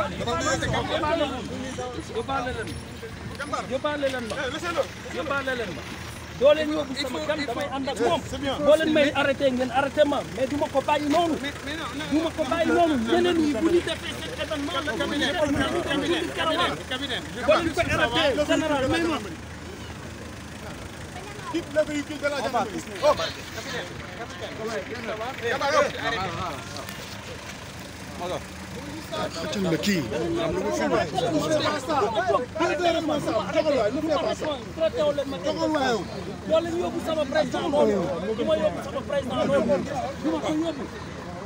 yóbbaale leen ma yóbbaale yóbbu sama kan damay ànd ak moom boo leen may arrêté ngeen arrêté ma mais du ma ko bàyyi noonu du ma ko bàyyi noonu yeneen yi bu ñu defee seen événement la bu ñu def caravane boo leen ko arrêté général may ma Quitte le véhicule de la gendarmerie. Oh, capitaine, capitaine. Capitaine. xëccal na kii.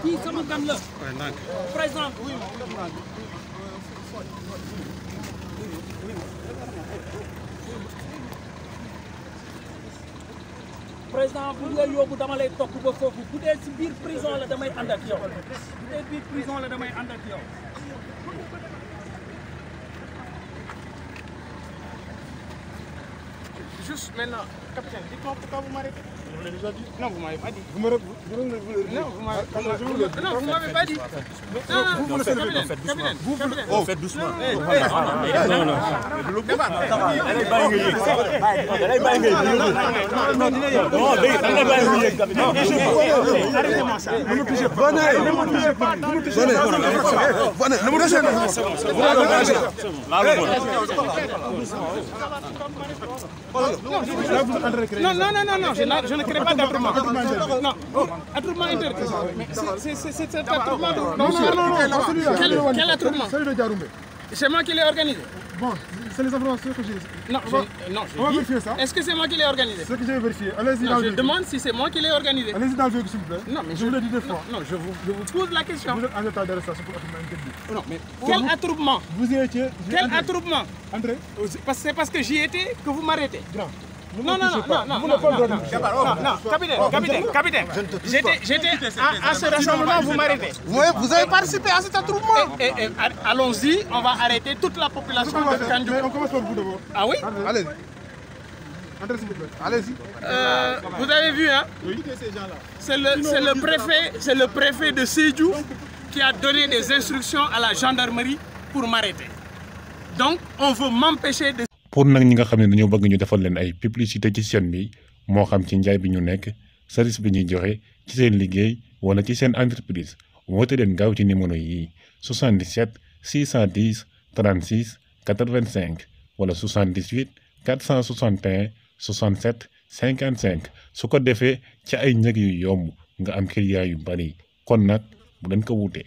kii sama gan la. président. président bu ñu la yóbbu dama lay topp ba foofu bu dee si biir prison la damay ànd ak yow bu dee biir prison la damay ànd ak yow Juste maintenant, capitaine, dites-moi pourquoi vous m'arrêtez. Je vous l'ai déjà dit. Non, vous m'avez pas dit. Vous me Non, vous m'avez pas dit. Non, vous m'avez pas dit. Vous vous laissez lever. Capitaine, vous vous faites doucement. Non, non, non. Allez, bàyyi nga yëg. Allez, bàyyi nga yëg. Non, non, non. Allez, bàyyi nga yëg. Non, arrêtez-moi ça. Ne me touchez pas. Ne me touchez pas. Ne me touchez pas. Ne me touchez pas. C'est bon, c'est bon. Là, le bon. Non, non, non, non, je, ne crée pas d'attroupement. Non, attroupement interdit. C'est cet attroupement. Non, non, non, Quel, attroupement Celui de Diaroumé. C'est moi qui l'ai organisé. Bon, c'est les informations que j'ai. Non, non, on va vérifier ça. Est-ce que c'est moi qui l'ai organisé C'est que j'ai vérifié. Allez-y dans le Je demande si c'est moi qui l'ai organisé. Allez-y dans le s'il vous plaît. Non, mais je, vous l'ai dit deux fois. Non, je, vous, pose la question. Vous êtes en état d'arrestation pour attroupement interdit. Non, mais quel attroupement Vous y étiez. Quel attroupement André parce que c'est parce que j'y étais que vous m'arrêtez. Non. Non, non, non, non, non, non, capitaine, oh, capitaine, capitaine. J'étais, à, ce rassemblement, vous avez participé à cet attroupement. Et, allons-y, on va arrêter toute la population de Kandiou. Ah oui euh, vous avez vu, hein C'est le, c'est le préfet, c'est le de Sédhiou qui a donné des instructions à la gendarmerie pour m'arrêter. donc pour nag ñi nga xam ne dañoo bëgg ñu defal leen ay publicité ci seen bi moo xam ci njaay bi ñu nekk service bi ñuy joxe ci seen liggéey wala ci seen entreprise woote leen gaaw ci numéro yi 77 610 36 85 wala 78 461 67 55 su ko defee ci ay njëg yu yomb nga am client yu bari kon nag bu leen ko wutee.